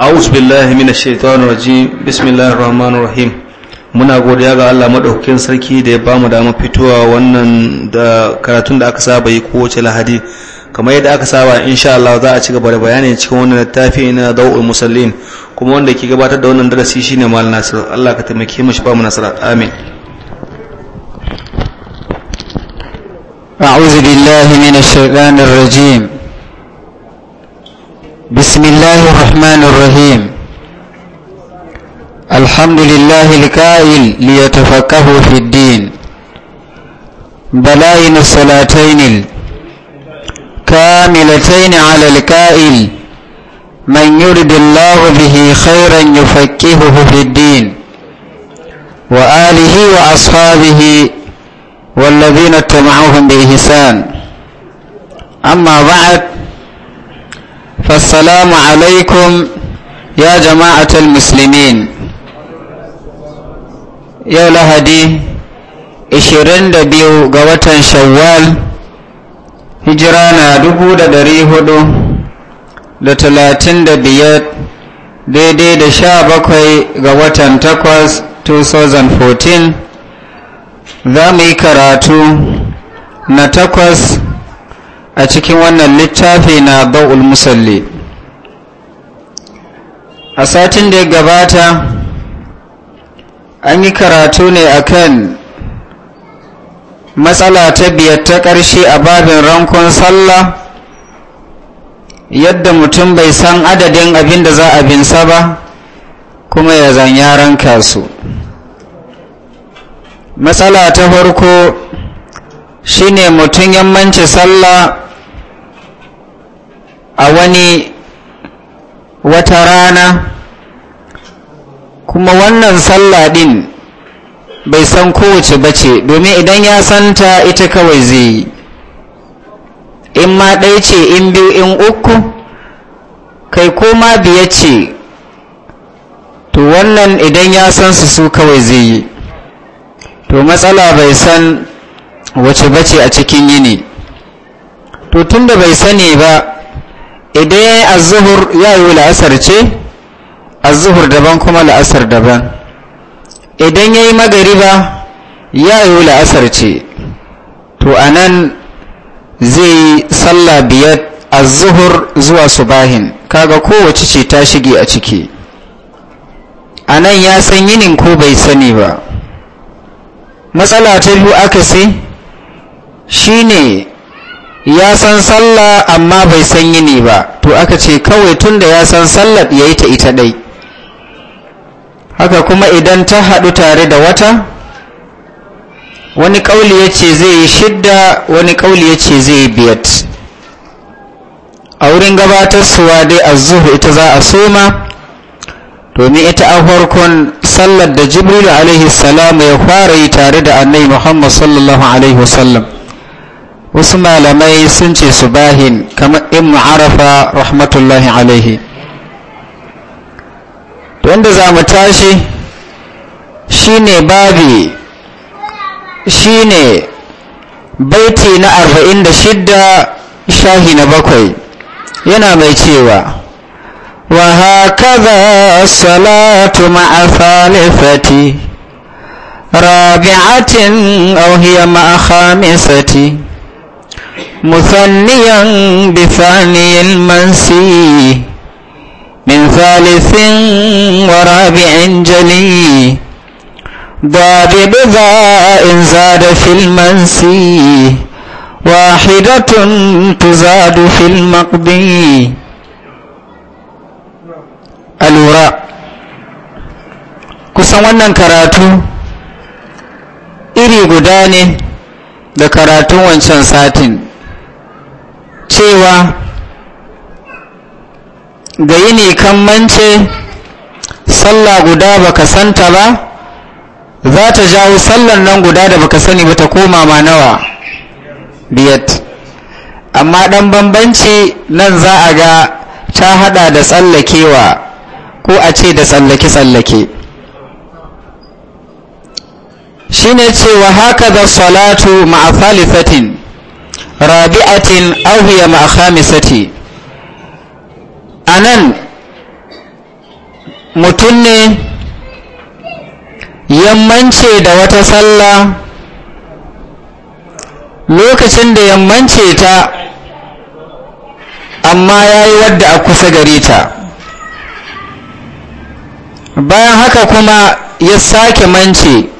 a'uz billahi minash shaitani rajim bismillahir rahmanir rahim muna godiya ga Allah madaukakin sarki da ya bamu damar fitowa wannan da karatun da aka saba yi kowace lahadi kamar yadda aka saba insha Allah za a ci gaba da bayani cikin wannan littafi na dawul musallin kuma wanda ke gabatar da wannan darasi shine mal nasir Allah ka taimake mu shi ba mu nasara amin a'udhu billahi minash shaitani rajim بسم الله الرحمن الرحيم الحمد لله الكائل ليتفقه في الدين بلائن الصلاتين الكاملتين على الكائل من يرد الله به خيرا يفكهه في الدين وآله وأصحابه والذين اتبعوهم بإحسان أما بعد فالسلام عليكم يا جماعة المسلمين يا لهدي ishirin da biyu ga watan shawwal hijira na dubu da dari hudu da talatin da biyar daidai da sha bakwai ga watan takwas 2014 za mu yi karatu na takwas a cikin wannan littafi na ba'ul musalli a satin da ya gabata an yi karatu ne akan matsala ta biyar ta ƙarshe a babin rankon sallah yadda mutum bai san adadin abin da za a binsa ba kuma ya zan yaran kasu matsala ta farko shine mutum yammanci sallah a wani wata rana kuma wannan sallah din bai san kowace bace domin idan ya santa ita kawai zai yi in ma ɗaya ce in biyu in uku kai koma biya ce to wannan idan ya san su su kawai zai yi to matsala bai san wace bace a cikin yini to tunda bai sani ba idan ya yi azuhur ya yi la'asar ce azuhur daban kuma la'asar daban idan ya yi magariba ya yi la'asar ce to a nan zai yi sallah biyar azuhur zuwa subahin kaga kowace ce ta shige a ciki a nan ya san yinin ko bai sani ba matsala ta biyu aka sai Shi ne ya san sallah amma bai san yini ba to aka ce kawai tun da ya san sallar ya yi ta ita dai haka kuma idan ta haɗu tare da wata wani ƙauli ya ce zai yi shidda wani ƙauli ya ce zai yi biyat a wurin gabatar suwa dai a zuhu ita za a soma domin ita a farkon sallar da jibril alaihi ya fara yi tare da annai muhammad sallallahu alaihi wasallam wasu malamai sun ce su subahin kamar in arafa rahmatullahi alaihi wanda za mu tashi Shi ne babi Shi ne. baiti na 46 shahi na bakwai yana mai cewa wa hakaza salatu ma'a rabi'atin aw ma'a khamisati مثنيا بثاني المنسي من ثالث ورابع جلي ضاد بذا إن زاد في المنسي واحدة تزاد في المقضي الوراء kusan wannan karatu iri guda ne da karatun wancan satin cewa ga ne kan mance sallah guda baka santa ba za ta jawo sallan nan guda da baka sani ba ta koma ma nawa biyat amma dan banbanci nan za a ga ta hada da tsallakewa ko a ce da tsallake-tsallake Shi ne cewa haka da salatu ma'a 13. rabi'atin ahuya ma khamisati anan mutum ne yammance da wata sallah lokacin da yammance ta amma ya yi wadda a kusa gare ta bayan haka kuma ya sake mance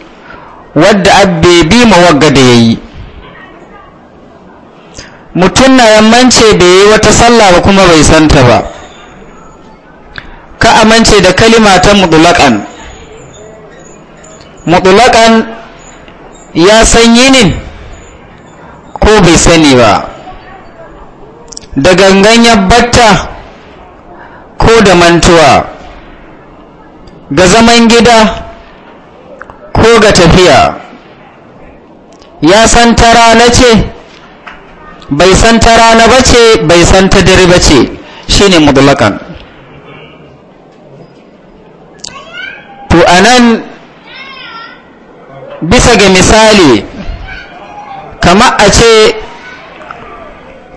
wadda abbe bi mawagga da ya yi mutum na yammance ya yi wata sallah ba kuma bai santa ba ka amince da kalima ta mutulakan mutulakan ya san yinin ko bai sani ba da gangan ya batta ko da mantuwa ga zaman gida ko ga tafiya ya san tara na ce bai san ta rana ba ce bai san ta dare ba ce shi ne mudulakan to a nan bisa ga misali kama a ce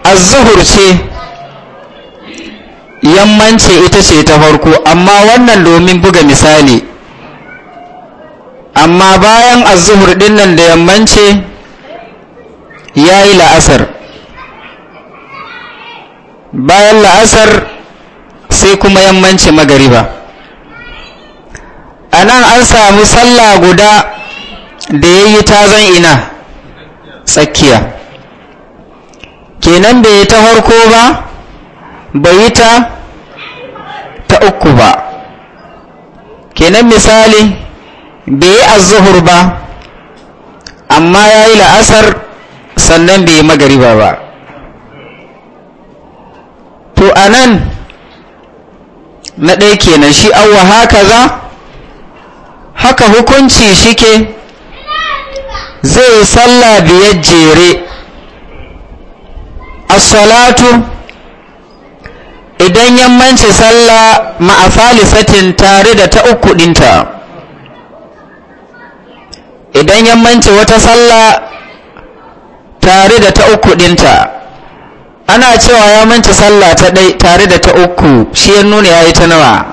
azuhur ce yammance ita ce ta farko amma wannan domin buga misali amma bayan azuhur dinnan da yammanci ya yi la'asar bayan la'asar sai kuma yammanci magariba a nan an samu sallah guda da ya yi tazan ina tsakiya kenan bai yi ta farko ba bai yi ta ta uku ba kenan misali bai yi azuhur ba amma ya yi la'asar sannan bai yi magariba ba to a nan na ɗaya kenan shi Awa haka za haka hukunci shike zai salla biyar jere a salatu idan yammanci salla satin tare da ta uku ɗinta idan yammanci wata salla tare da ta uku ɗinta ana cewa ya manta sallah ta ɗai tare da ta uku shi ya nuna ya yi ta nawa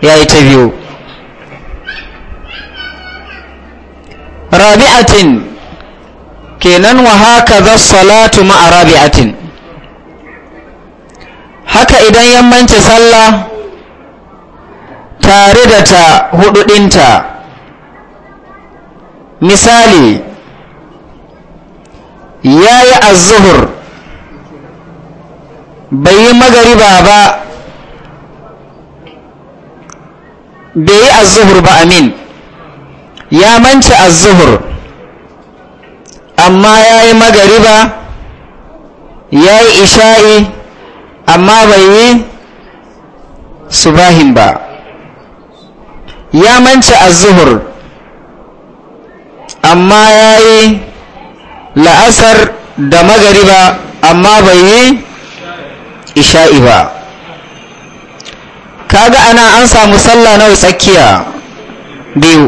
ya yi ta biyu rabi'atin kenan wa haka za salatu ma'a rabi'atin haka idan ya manta sallah tare da ta hududinta misali ya yi azuhur bai yi magariba ba bai yi azuhur ba amin ya manci azuhur amma ya yi magariba ya yi isha'i amma bai yi subahin ba ya manci azuhur amma ya yi la'asar da magariba amma bai yi isha'i ba kaga ana an samu sallah nawa tsakiya biyu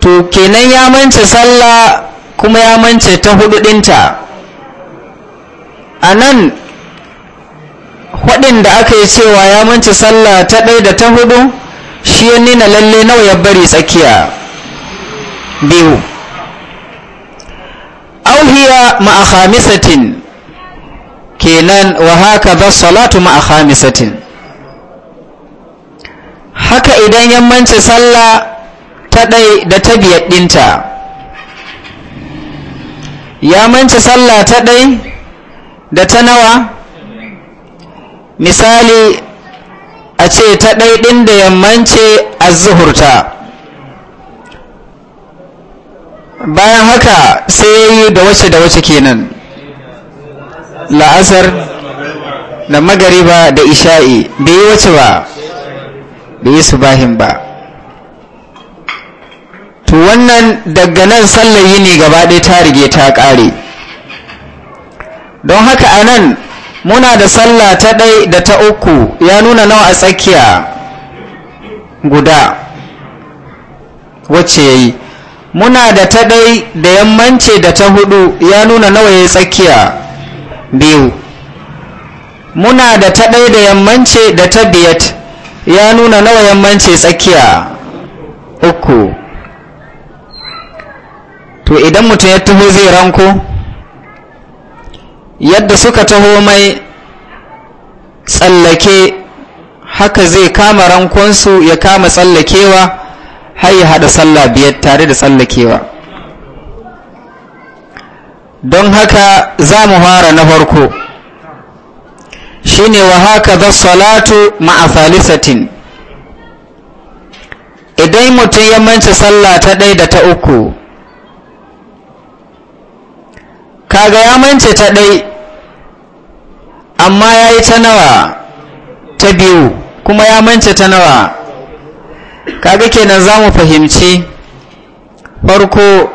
to kenan ya mance sallah kuma ya mance ta hudu dinta a nan hudin da aka yi cewa ya mance sallah ta ɗaya da ta hudu shi ya nina lalle nawa ya bari tsakiya biyu auhiya ma'a khamisatin kenan wa haka ba salatu ma a hamisatin haka idan yammanci sallah ta ɗai da ta biyar ɗinta ya manci sallah ta ɗai da ta nawa misali a ce ta ɗai ɗin da yammanci a zuhurta bayan haka sai ya yi da wace da wace kenan la'asar da magariba da isha'i bai yi wace ba bai yi bahin ba to wannan daga nan sallar yini gaba ɗaya ta rige ta ƙare don haka a nan muna da sallah ta ɗai da ta uku ya nuna nawa a tsakiya guda wacce ya yi muna da ta ɗai da yammanci da ta hudu ya nuna nawa ya yi tsakiya biyu muna da ta ɗaya da yammance da ta biyat ya nuna nawa yammance tsakiya uku to idan mutum ya taho zai ranko yadda suka taho mai tsallake haka zai kama rankonsu ya kama tsallakewa har ya haɗa sallah biyar tare da tsallakewa don haka za mu fara na farko shine wa haka za salatu ma'a idan mutum ya manci sallah ta ɗai da ta uku kaga ya mance ta ɗai amma ya yi ta nawa ta biyu kuma ya mance ta nawa kaga kenan za mu fahimci farko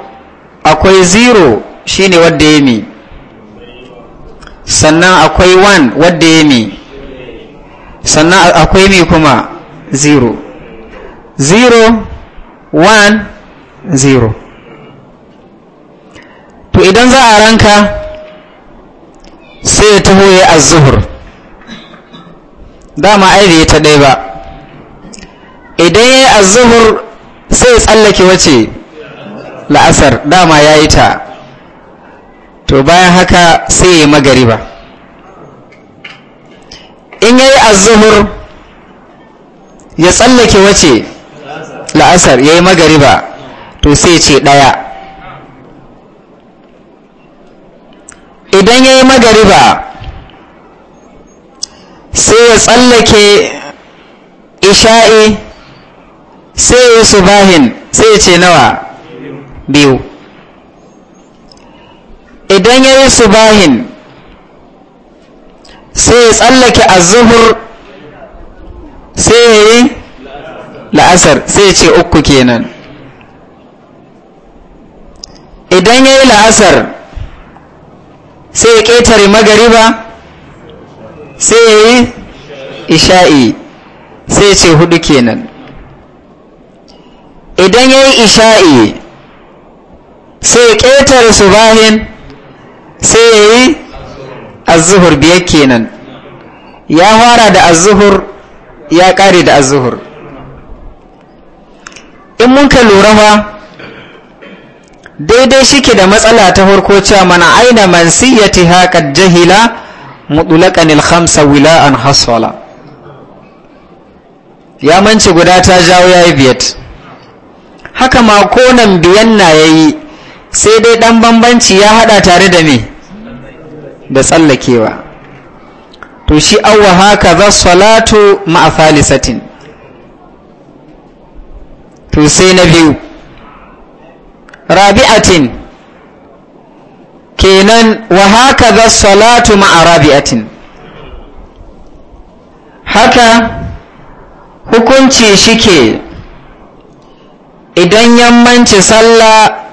akwai zero shine wadda ya mi sannan akwai 1 wadda ya mi sannan akwai mi kuma 0 0 1 0 to idan za a ranka sai ya taho ya azuhur dama ai ya ta ɗaya ba idan ya yi azuhur sai ya tsallake wace la'asar dama ya yi ta to bayan haka sai ya magariba in yayi azuhur ya tsallake wace la'asar ya yi magariba to sai ce ɗaya idan ya yi magariba sai ya tsallake isha'i sai ya yi subahin sai ya ce nawa biyu idan ya yi subahin sai ya tsallake azuhur sai ya yi la'asar sai ya ce uku kenan idan ya yi la'asar sai ya ƙetare magariba sai ya yi isha'i sai ya ce hudu kenan idan ya yi isha'i sai ya ƙetare subahin sai ya yi azuhur biyar kenan ya fara da azuhur ya kare da azuhur in mun ka lura ba? daidai shike da matsala ta farko cewa mana aina man siyati haka jahila mutulakan ilhamsa an haswala ya manci guda ta jawo ya yi biyat haka ma konan biyan na ya yi sai dai dan bambanci ya haɗa tare da ni. da tsallakewa to shi awwa haka za salatu ma'a satin to sai na biyu rabi'atin kenan wa haka za salatu ma'a rabi'atin haka hukunci shike idan yammanci sallah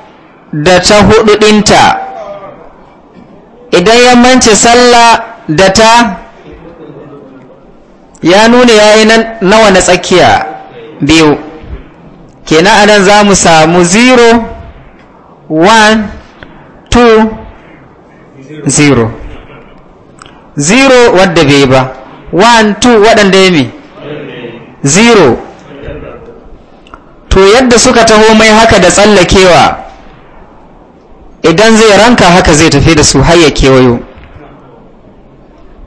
da ta hudu dinta idan ya mance sallah da ta ya nuna ya yi nawa na tsakiya biyu kenan anan za mu samu 0 1 2 0 0 wadda bai ba 1 2 waɗanda ya mi 0 to yadda suka taho mai haka da tsallakewa idan zai ranka haka zai tafi da su har ya kewayo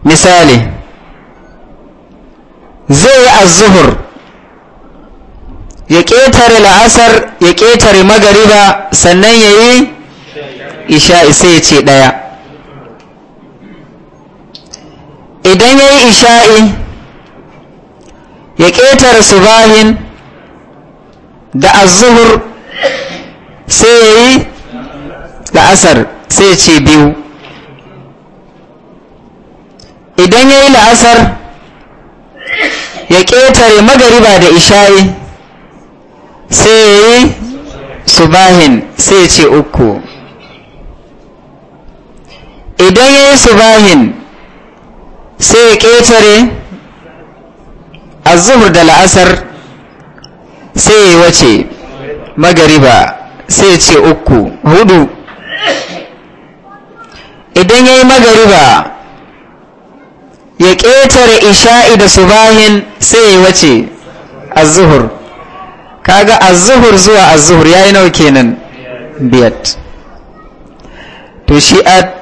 misali zai yi azuhur ya ƙetare la'asar ya ƙetare magariba sannan ya yi isha'i sai ya ce ɗaya idan ya yi isha'i ya ƙetare subahin da azuhur sai ya yi la'asar sai ce biyu idan ya yi la'asar ya ƙetare magariba da isha'i sai ya yi subahin sai ce uku idan ya yi subahin sai ya ƙetare zuhur da la'asar sai ya yi wace magariba sai ce uku hudu idan ya yi magariba ya ƙetare isha'i da subahin sai ya wace azuhur kaga azuhur zuwa azuhur ya yi nau kenan biyat to shi a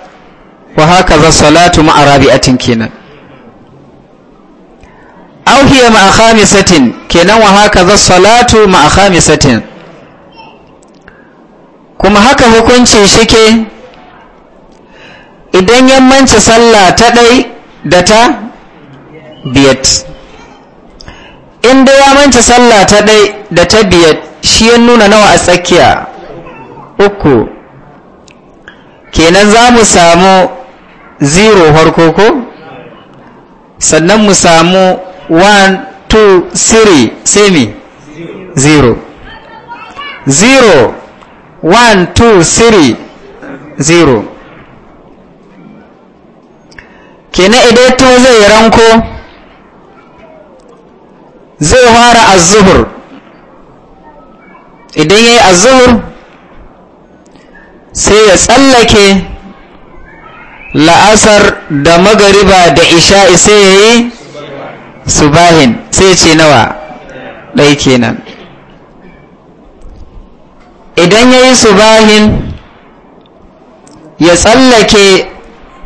wa haka za salatu ma'a rabi'atin kenan auhiya ma'a khamisatin kenan wa haka za salatu ma'a khamisatin kuma haka hukuncin shike idan yammanci sallah ta ɗai da ta biyat inda ya sallah ta ɗai da ta biyat shi ya nuna nawa a tsakiya uku kenan za mu samu zero harko ko sannan mu samu 1 2 3 semi zero zero 1 2 3 zero kenan idan to zai ranko zai fara azzuhur idan ya yi azuhur sai ya tsallake la'asar da magariba da isha'i sai ya yi subahin sai ce nawa ɗai kenan idan ya yi subahin ya tsallake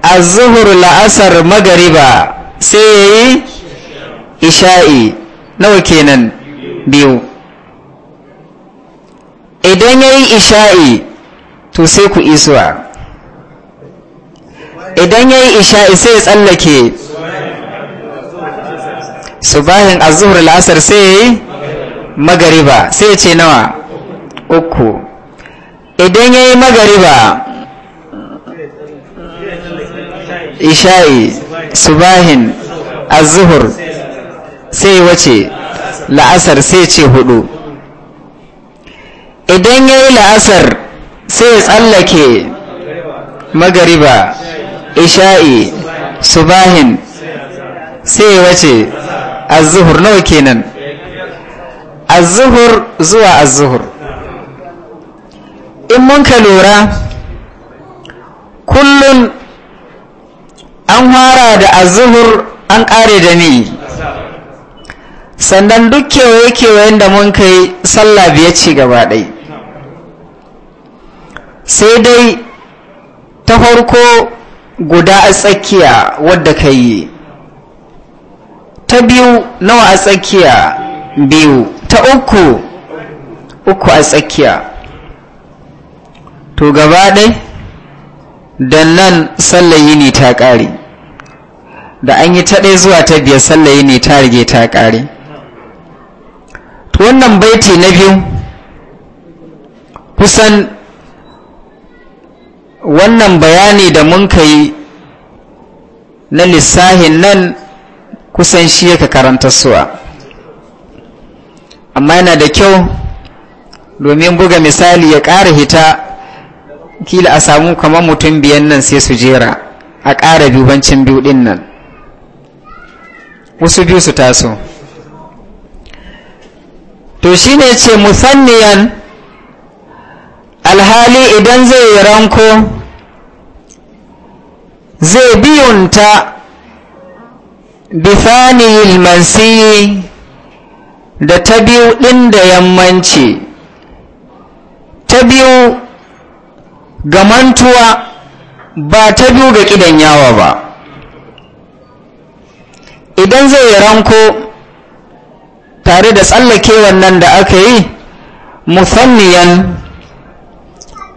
azuhur la'asar magariba sai ya yi isha'i nawa kenan biyu idan ya yi isha'i to sai ku isuwa idan ya yi isha'i sai ya tsallake subahin azuhur la'asar sai yi magariba sai ya ce nawa uku idan ya yi magariba isha'i subahin azuhur sai wace la'asar sai ce hudu idan ya yi la'asar sai ya tsallake magariba isha'i subahin sai wace azuhur nawa kenan azuhur zuwa azuhur in mun ka lura kullum fara da azuhur an ƙare da ni sannan duk kewaye-kewayen da mun kai sallah biya ce gaba ɗai sai dai ta farko guda a tsakiya wadda ka yi ta biyu nawa a tsakiya biyu ta uku uku a tsakiya to gaba ɗai da nan sallayi yini ta ƙare da an yi ta ɗaya zuwa ta biyar sallaye ne ta rige ta ƙare wannan baiti na biyu kusan wannan bayani da mun kai na lissahin nan kusan shi yaka karanta suwa amma yana da kyau domin buga misali ya ƙara hita kila a samu kamar mutum biyan nan sai su jera a ƙara dubancin biyu ɗin nan wasu biyu su taso to shi ne ce musanniyan alhali idan zai yi ranko zai biyunta bifani mansiyi da ta biyu ɗin da yammanci ta biyu ga mantuwa ba ta biyu ga ƙidan yawa ba idan zai yi ranko tare da tsallake wannan da aka yi musamman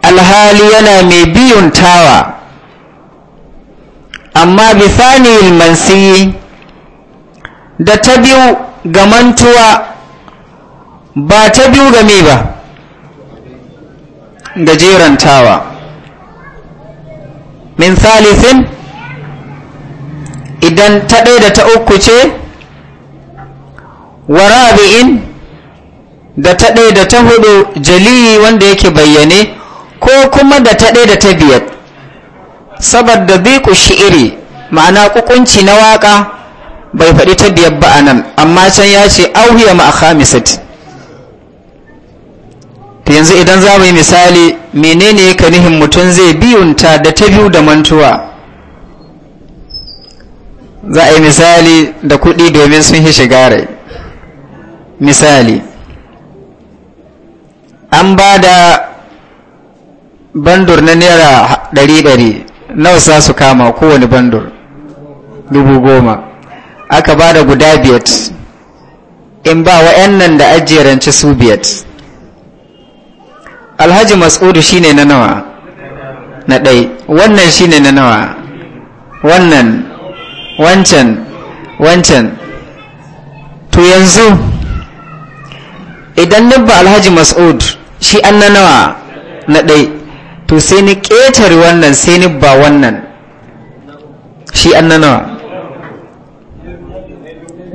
alhali yana mai biyun tawa amma bisaniyar mansiyi da ta biyu ga mantuwa ba ta biyu ga me ba tawa, min salisin idan ta ɗaya da ta uku ce wa rabi'in da ta ɗaya da ta hudu jaliyi wanda yake bayyane ko kuma da ta ɗaya da ta biyar saboda biku shi'iri ma'ana kukunci na waka bai faɗi ta biyar ba a nan amma can ya ce auhiya ma a khamisat yanzu idan za mu yi misali menene ka nihin mutum zai biyunta da ta biyu da mantuwa za a yi misali da kuɗi domin sun yi shiga rai misali an ba da bandur na naira ɗari-ɗari nawa za su kama kowane bandur dubu goma aka ba da guda biyat in ba wa'annan da ajiyarance su biyat alhaji mas'udu shine na nawa na ɗai wannan shine na nawa wannan wancan wancan to yanzu idan ba alhaji mas'ud shi an na nawa na ɗai to sai ni ƙetare wannan sai ni ba wannan shi an na nawa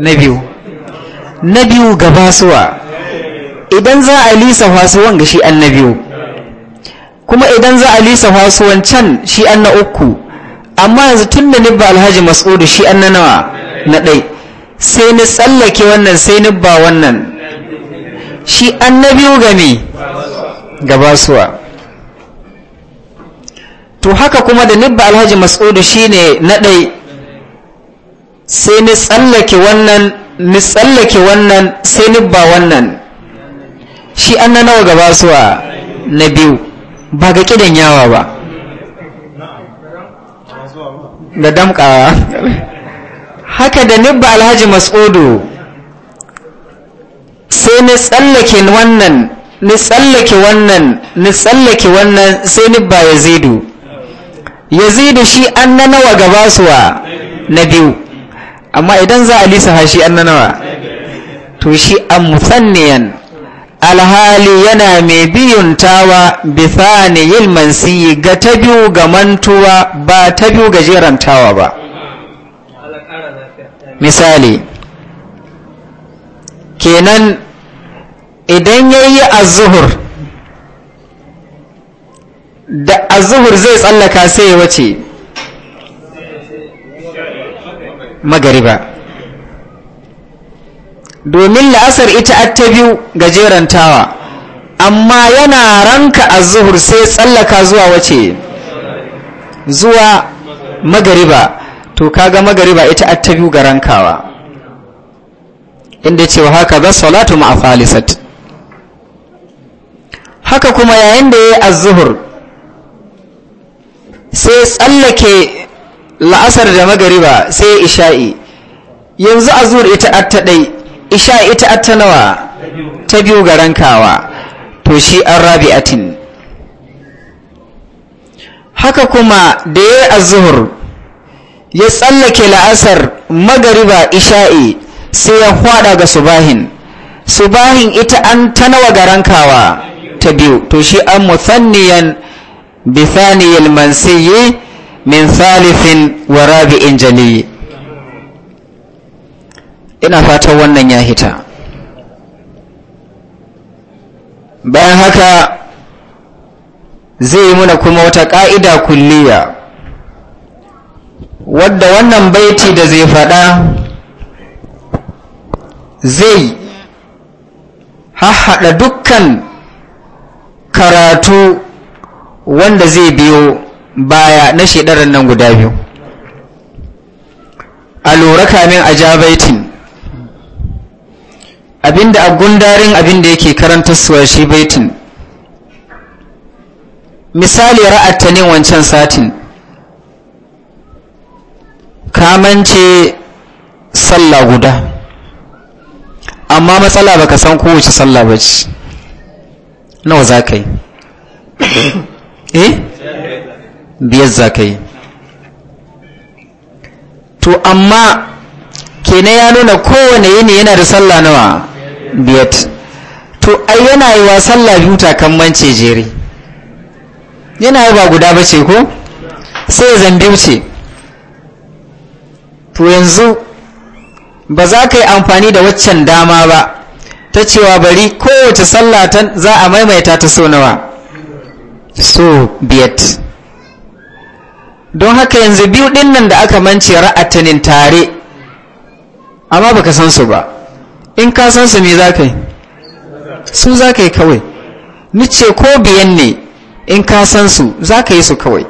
na biyu na biyu gaba suwa idan za a lisa wasuwan ga shi an na biyu kuma idan za a lisa wasuwan can shi an na uku amma yanzu tun da nibba alhaji mas'udu shi an nawa na ɗai sai ni tsallake wannan sai nibba wannan shi an na biyu game gabasuwa to haka kuma da nibba alhaji mas'udu shi ne na ɗai sai ni tsallake wannan ni tsallake wannan sai nibba wannan shi an na nawa gabasuwa na biyu ba ga kidan yawa ba da damkawa haka da nibba alhaji mas'udu sai ni tsallake wannan ni tsallake wannan ni tsallake wannan sai nibba yazidu yazidu shi an na nawa gaba suwa na biyu amma idan za a lisa shi an na nawa to shi an musanniyan alhali yana mai biyuntawa bithani yin mansiyi ga ta biyu ga mantuwa ba ta biyu ga jerantawa ba misali kenan idan ya yi azuhur da azuhur zai tsallaka sai ya wace magariba domin la'asar ita ta biyu gajerantawa amma yana ranka a zuhur sai tsallaka zuwa wace zuwa magariba to kaga magariba ita ta biyu ga rankawa inda cewa haka za salatu a falisat haka kuma yayin da ya yi a zuhur sai tsallake la'asar da magariba sai isha'i yanzu a zuhur ita ta ɗai isha ita ta nawa ta biyu ga rankawa to shi an rabi atin, haka kuma da ya azuhur ya tsallake la'asar magariba isha'i sai ya hwada ga subahin subahin ita an ta nawa ga rankawa ta biyu to shi an muthanniyan bisaniyar mansiyi min salifin wa rabi'in jaliyi ina fatan wannan ya hita bayan haka zai yi muna kuma wata ƙa'ida kulliya wadda wannan baiti da zai faɗa zai haɗa dukkan karatu wanda zai biyo baya na shedarar nan guda biyu a lura kamin a ja baitin abinda a gundarin abinda yake karanta suwa shi baitin misali ne wancan satin kamance sallah guda amma matsala baka san kowace sallah ba ce nawa za ka yi eh biyar za ka yi to amma kenan ya nuna kowane yini yana da sallah nawa biyat to ai yana yi wa sallah biyu takammance jere yana yi ba guda ba ce ko sai zambiyu ce to yanzu ba za ka yi amfani da waccan dama ba ta cewa bari kowace sallah za a maimaita ta so nawa so biyat don haka yanzu biyu dinnan da aka mance ra'atanin tare amma baka san su ba in ka san su me za ka yi su za ka yi kawai ni ce ko biyan ne in ka san su za ka yi su kawai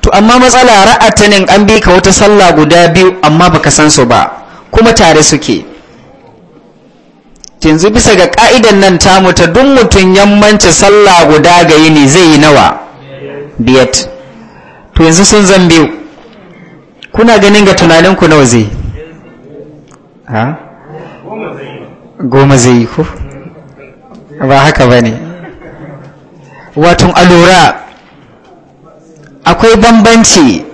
to amma matsala ra'atanin an bi ka wata sallah guda biyu amma ka san su ba kuma tare suke yanzu bisa ga ka'idan nan tamu ta duk mutum yammanci sallah guda ga yini zai yi nawa biyat to yanzu sun zan biyu kuna ganin ga tunaninku nawa zai ha goma zai yi ko ba haka ba ne watan alura akwai bambanci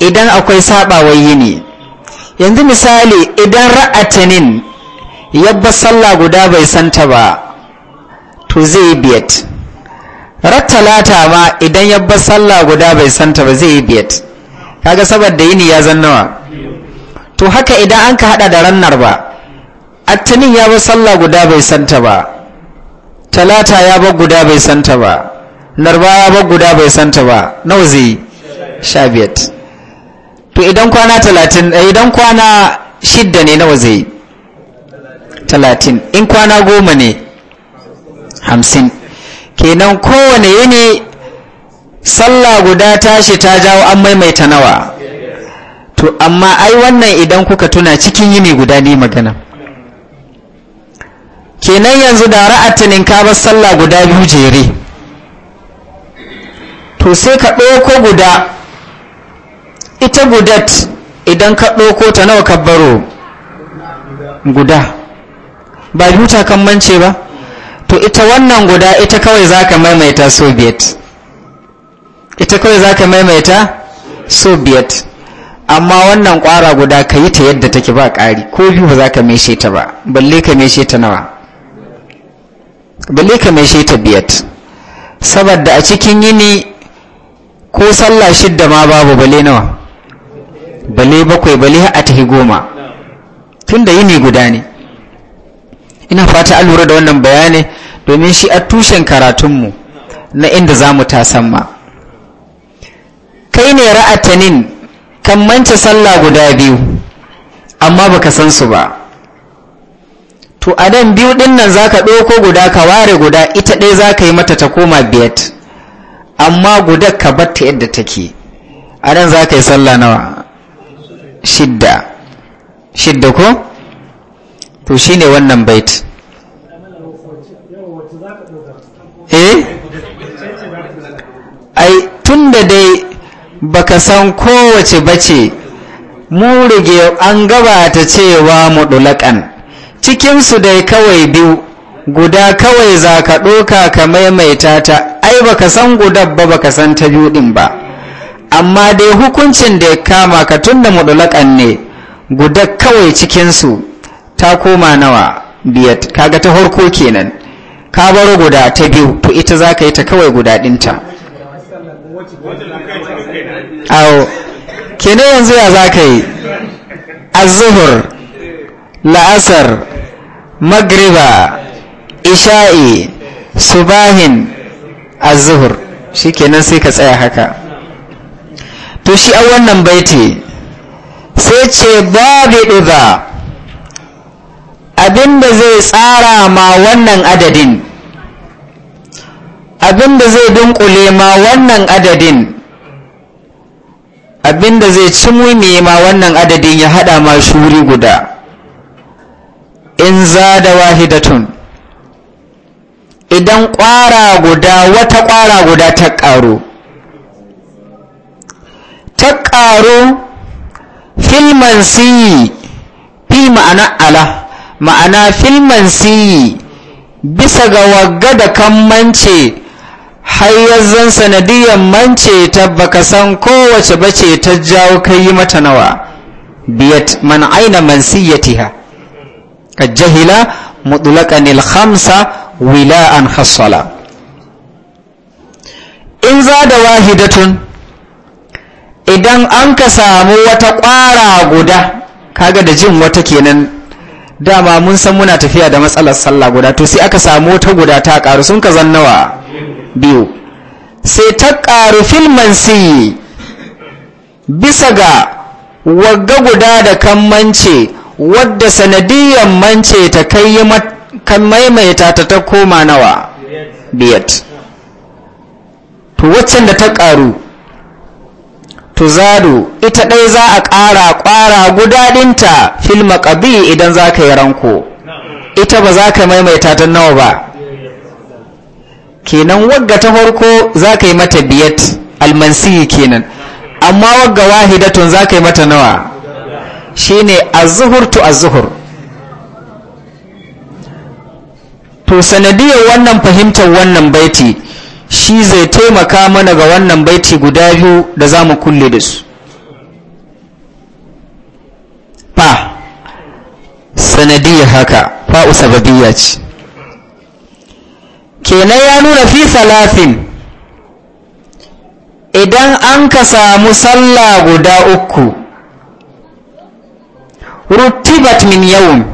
idan akwai sabawar yini yanzu misali idan ra'atanin yabba sallah guda bai santa ba to zai biyat lata ma idan yabba sallah guda bai santa ba zai biyat kaga saboda yini ya zannawa to haka idan an ka hada da rannar ba attinin ya bar sallah guda bai santa ba talata ya bar guda bai santa ba larba ya bar guda bai santa ba nawa zai sha biyar to idan kwana talatin eh, idan kwana shidda ne nawa zai talatin in kwana goma ne hamsin kenan kowane yini sallah guda tashi ta jawo an maimaita nawa to amma ai wannan idan kuka tuna cikin yini guda ne magana kenan yanzu da ra'atinin ka bar sallah guda biyu jere to sai ka ɗauko guda ita gudat idan ka ɗauko ta nawa kabbaro guda ba biyu ta kammance ba to ita wannan guda ita kawai za ka maimaita soviet ita kawai za ka maimaita soviet amma wannan kwara guda ka yi ta yadda take ba ƙari ko biyu ba za ka mai ta ba balle ka mai ta nawa balle ka mai shi biyat saboda a cikin yini ko sallah shidda ma babu balle nawa balle bakwai balle a tahi goma tun da yini guda ne ina fata an lura da wannan bayani domin shi a tushen karatunmu na inda zamu mu tasamma kai ne ra'atanin kan manta sallah guda biyu amma baka san su ba to a nan biyu din nan za ka ɗauko guda ka ware guda ita ɗaya za ka yi mata ta koma biyat amma guda ka ta yadda take a nan za ka yi sallah nawa shidda shidda ko to shi ne wannan bait eh ai tun da dai baka san kowace bace mu rige an gabata cewa mu dulakan cikinsu dai kawai biyu guda kawai za ka ɗoka ka maimaita ta ai ba ka san gudan ba ka san ta biyu ɗin ba amma dai hukuncin da ya kama ka tun da mudulakan ne guda kawai cikinsu ta koma nawa biyat kaga ta harko kenan ka baro guda ta biyu to ita za ka yi ta kawai guda ɗinta kenan yanzu ya za ka yi azuhur la'asar magriba isha'i subahin azuhur shi kenan sai ka tsaya haka to shi a wannan baiti sai ce babu ɗuga abinda zai tsara ma wannan adadin abinda zai dunkule ma wannan adadin abinda zai ci ma wannan adadin ya hada ma shuri guda in zada wahidatun idan ƙwara guda wata ƙwara guda ta ƙaru ta ƙaru filman siyi fi ma'ana ala ma'ana filman siyi bisa ga wagga da kan mance hayyazan sanadiyar mance ta baka san kowace bace ta jawo kai mata nawa biyat man aina mansiyatiha kajahila جهل khamsa wila an خصلا in za da wahidatun idan an ka samu wata ƙwara guda kaga da jin wata kenan dama mun san muna tafiya da matsalar sallah guda to sai aka samu wata guda ta ƙaru sun ka zannawa nawa biyu sai ta ƙaru filman siyi bisa ga wagga guda da kammance wadda sanadiyar mance ta kai kan maimaita ta ta koma nawa biyat to waccan da ta ƙaru to zado ita ɗai za a ƙara ƙwara gudaɗinta filma ƙabi idan za ka yi ranko ita ba za ka maimaita ta nawa ba kenan wagga ta farko za ka yi mata biyat almansi kenan amma wagga wahidatun za ka yi mata nawa shine azhur zuhur to to sanadiyar wannan fahimtar wannan baiti shi zai taimaka mana ga wannan baiti guda biyu da za kulle da su fa sanadiyar haka fa usabiyya ce kenan ya nuna fi salafin idan an ka samu sallah guda uku rutibat min yawm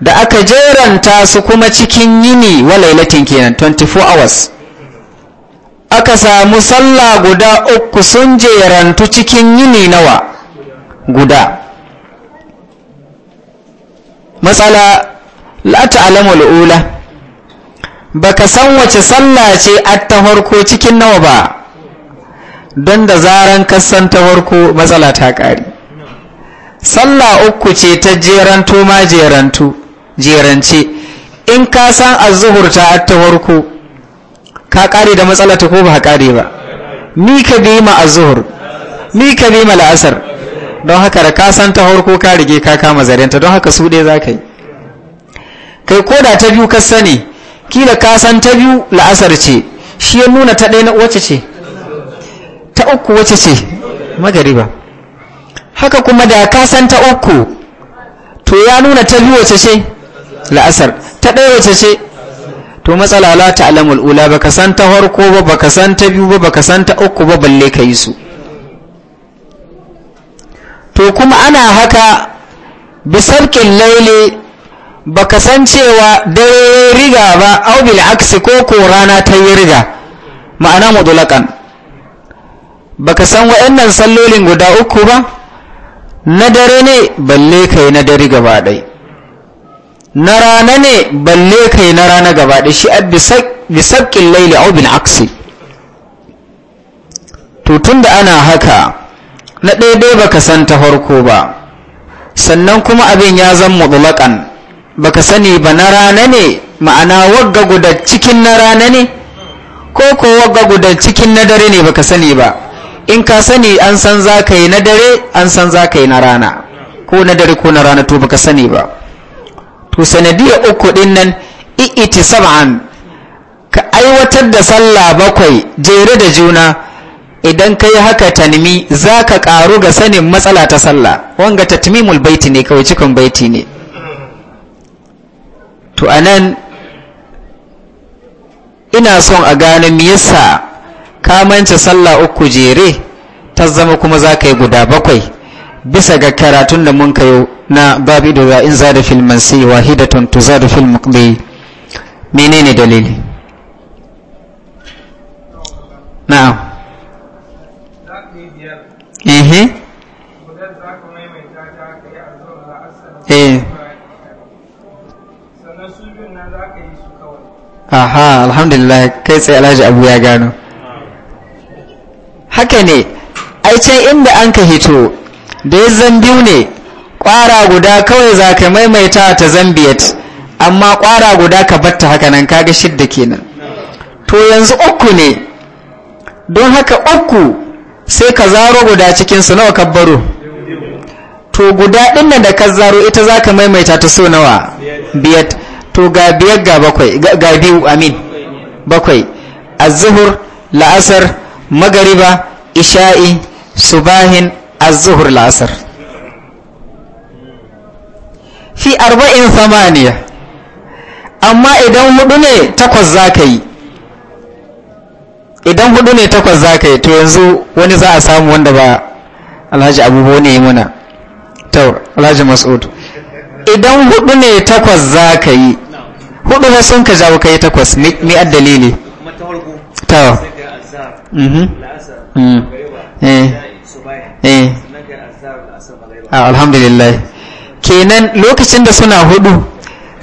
da aka jeranta su kuma cikin yini wa lailatin kenan 24 hours aka samu sallah guda uku sun jerantu cikin yini nawa guda matsala la ta'lamu al'ula baka san wace sallah ce at ta farko cikin nawa ba don da zaran kasan ta farko matsala ta ƙare sallah uku ce ta jerantu ma jerantu jerance in ka san azuhur ta ta ka kare da matsala ta ko ba ka kare ba ni ka bi ma azuhur ni ka bi ma la'asar don haka da ka san ta farko ka rige ka kama zarenta don haka su ɗaya za ka yi kai ko da ta biyu ka sani kila ka san ta biyu la'asar ce shi ya nuna ta ɗaya na wace ce ta uku wace ce magariba haka kuma da ka san ta uku to ya nuna ta biyu wace ce la'asar ta ɗaya wace ce to matsala la ta'lamul ula baka san ta farko ba baka san ta biyu ba baka san ta uku ba balle ka yi su to kuma ana haka bisarkin laili baka san cewa dare riga ba au bil aksi ko ko rana ta yi riga ma'ana mudulakan baka san wa'annan sallolin guda uku ba na dare ne balle yi na dare gaba ɗai na rana ne balle yi na rana gaba ɗai shi a bisabkin laili a obin aksi to tun da ana haka na ɗaiɗai ka san ta farko ba sannan kuma abin ya zan mutulakan ka sani ba na rana ne ma'ana wagga guda cikin na rana ne ko ko wagga guda cikin na dare ne ba ka sani ba in ka sani an san za ka yi na dare an san za ka yi na rana ko na dare ko na rana to baka sani ba to sanadiyar uku din nan i'iti sab'an ka aiwatar da sallah bakwai jere da juna idan ka yi haka tanimi za ka karu ga sanin matsala ta sallah wanga tatmimul baiti ne kawai cikin baiti ne to anan ina son a gane me yasa ka mance sallah uku jere ta zama kuma za ka yi guda bakwai bisa ga karatun da mun kayo na babi da za'in za da filman sai wahidatun tu za da filmin ɗaya menene dalili na'am ehe eh aha alhamdulillah kai tsaye alhaji abu ya gano haka ne ai can inda an ka hito da ya zambiyu ne ƙwara guda kawai za ka maimaita ta zambiyat amma ƙwara guda ka batta haka nan kaga shidda kenan to yanzu uku ne don haka uku sai ka zaro guda cikinsu nawa kabbaro to guda ɗin da ka zaro ita za ka maimaita ta so nawa biyat to ga biyar ga bakwai ga biyu amin bakwai zuhur la'asar magariba isha'i subahin azuhur la'asar fi arba'in samaniya amma idan hudu ne takwas za ka yi idan hudu ne takwas za ka yi to yanzu wani za a samu wanda ba alhaji abubuwa ne yi muna ta alhaji mas'ud idan hudu ne takwas za ka yi hudu ne sun ka jawo ka yi takwas mi'ad dalili ta Mhm. Mm. Eh. Eh. Ah, alhamdulillah kenan lokacin da suna hudu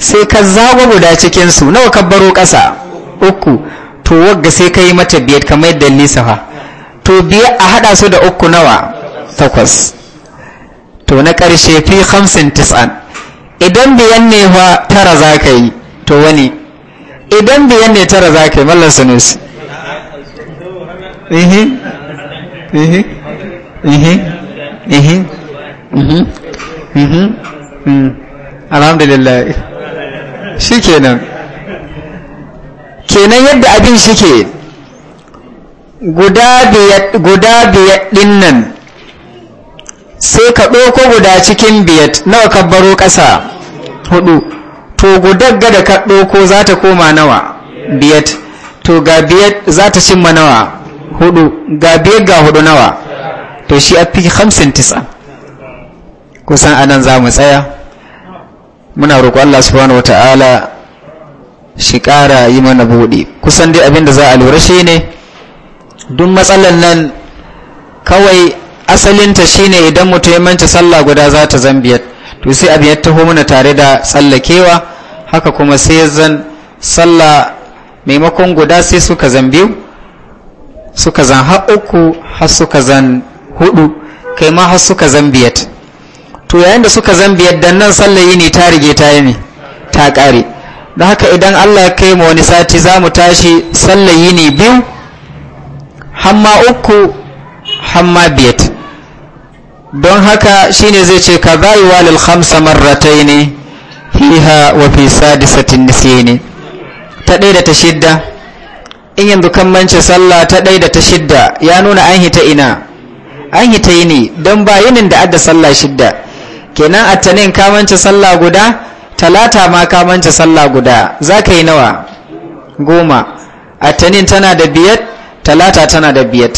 sai ka zago guda cikinsu nawa ka baro ƙasa uku to wagga sai ka yi mata biyar kamar yadda fa. to biyar a hada su da uku nawa takwas to na ƙarshe fi hamsin tis'an idan biyan ne fa tara za ka yi to wani idan biyan ne tara za ka yi mallar sanusi Mhm. Mhm. Hmm. alhamdulillah shi kenan kenan yadda abin shi ke guda biyar din nan sai ka ɗauko guda cikin biyar nawa ka baro ƙasa hudu to gudagga da ka ɗauko za ta koma nawa biyar to ga biyar za ta cimma nawa hudu ga biyar ga hudu nawa to shi a fi hamsin tisa kusan anan za mu tsaya muna roƙo Allah subhanahu wata'ala shi ƙara yi mana buɗe kusan dai abinda za a lura shi ne duk matsalan nan kawai asalinta shi ne idan mutum ya manta sallah guda za ta zambiyar to sai abin ya taho muna tare da tsallakewa haka kuma sai zan sallah maimakon guda sai suka biyu. suka zan har uku har suka zan hudu kai ma har suka zan biyat to yayin da suka zan biyat dan nan sallar yini ta rige ta yi ne ta kare don haka idan Allah kai mu wani sati za mu tashi sallar yini biyu hamma uku hamma biyat don haka shine zai ce ka yi walil khamsa marrataini fiha wa fi sadisatin ne ta ɗaya da ta shidda in yanzu kan sallah ta ɗai da ta shidda ya nuna an hita ina an hita yini don ba yinin da adda sallah shidda kenan attanin ka mance sallah guda talata ma ka sallah guda za ka yi nawa goma attanin tana da biyar talata tana da biyar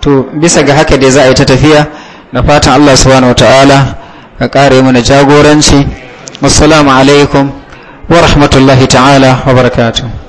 to bisa ga haka dai za a yi ta tafiya na fatan allah subhanahu wa ta'ala ka kare mana jagoranci alaikum wa ta'ala wa barakatuh